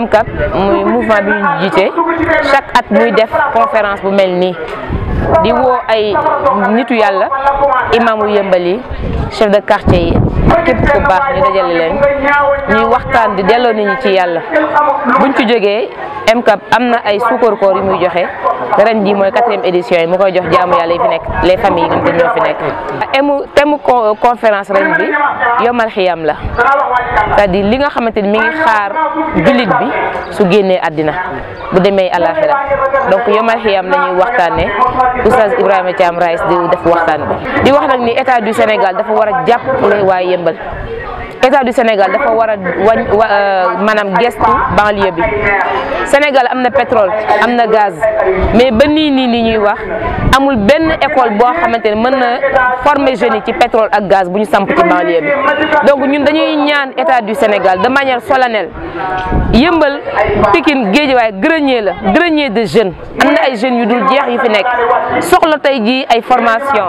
MCAP muy mouvement bi ñu jiitee chaque at muy def conférence bu mel nii di woo ay nitu yàlla imaamu yëmbal yi chef de quartier yi képp ku baax ñu dajale leen ñuy waxtaan di delloo nit ñi ci yàlla buñ ci jógee MCAP am na ay suukar koor yu muy joxe ren ji mooy quatrième édition yi mu koy jox jaamu yàlla yi fi nekk les familles yi nga xam ñoo fi nekk. emu thème conférence ren bi yomal xiyam la c'est-à-dire li nga xamante ni mi ngi xaar jullit bi su génnee àddina bu demee àllaaxira donc yomal xiyam la ñuy waxtaanee oustaz Ibrahima Thiam Raïs di def waxtaan bi di wax nag ni état du Sénégal dafa war a jàppale waa Yëmbal. état du Sénégal dafa wara a wañ euh, maanaam gestu banlieue bi Sénégal amna pétrole amna gaz mais ba ni ni ni ñuy wax amul benn école bo xamante ne former jeunes ci pétrole ak gaz buñu samp ci banlieue bi donc ñun dañuy ñaan état du Sénégal de manière solennelle yëmbël Pikine Guédiawaye grenier la grenier de jeunes amna ay jeunes yu dul jeex yu fi nek soxla tay ji ay formation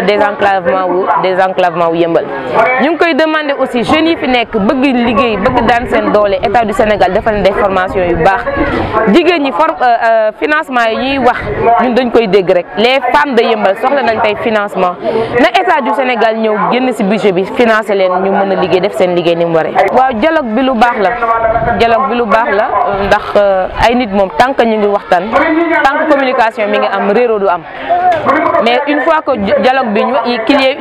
désenclavement wu désenclavement wu yembal ñu ngi koy demander aussi jeune yi fi nek bëgg liggéey bëgg daan seen doole état du Sénégal dafa leen des formations yu baax jigéen yi for euh, euh, financement yi ñuy wax ñun dañ koy dégg rek les femmes de yembal soxla nañ tay financement na état du Sénégal ñëw genn ci budget bi financer leen ñu mëna liggéey def seen liggéey ni mu waré waaw dialog bi lu baax la dialog bi lu baax la ndax euh, ay nit mom tank que ñu ngi waxtan tank communication mi ngi am réro du am mais une fois que dialog bi ñu qu'il y ait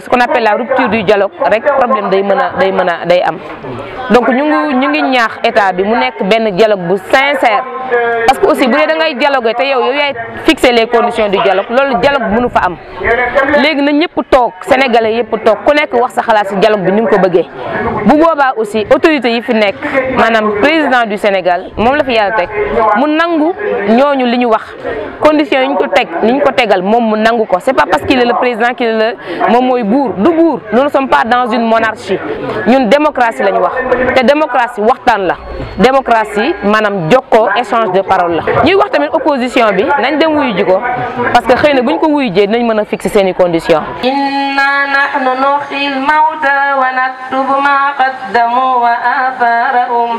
ce qu'on appelle la rupture du dialogue rek problème day mën a day mën a day am donc ñu ngi ñu ngi ñaax état bi mu nekk benn dialogue bu sincère parce que aussi bu dee da ngay dialoguer te yow yow yaay fixer les conditions du dialogue loolu dialogue mënu fa am léegi nag ñëpp toog sénégalais yëpp toog ku nekk wax sa xalaat si dialogue bi ni nga ko bëggee bu boobaa aussi autorité yi fi nekk maanaam président du Sénégal moom la fi yàlla teg mu nangu ñooñu li condition yi ñu ko tek ni ñu ko tégal mom mu nangu ko c'est pas parce qu'il est le président qu'il est le mom moy bour du bour nous ne sommes pas dans une monarchie ñun démocratie lañ wax té démocratie waxtan la démocratie manam joko échange de parole la ñuy wax tamit opposition bi nañ dem wuyu ji parce que xeyna buñ ko wuyu jee dinañ mën a fixer conditions inna nahnu wa ma qaddamu wa atharahum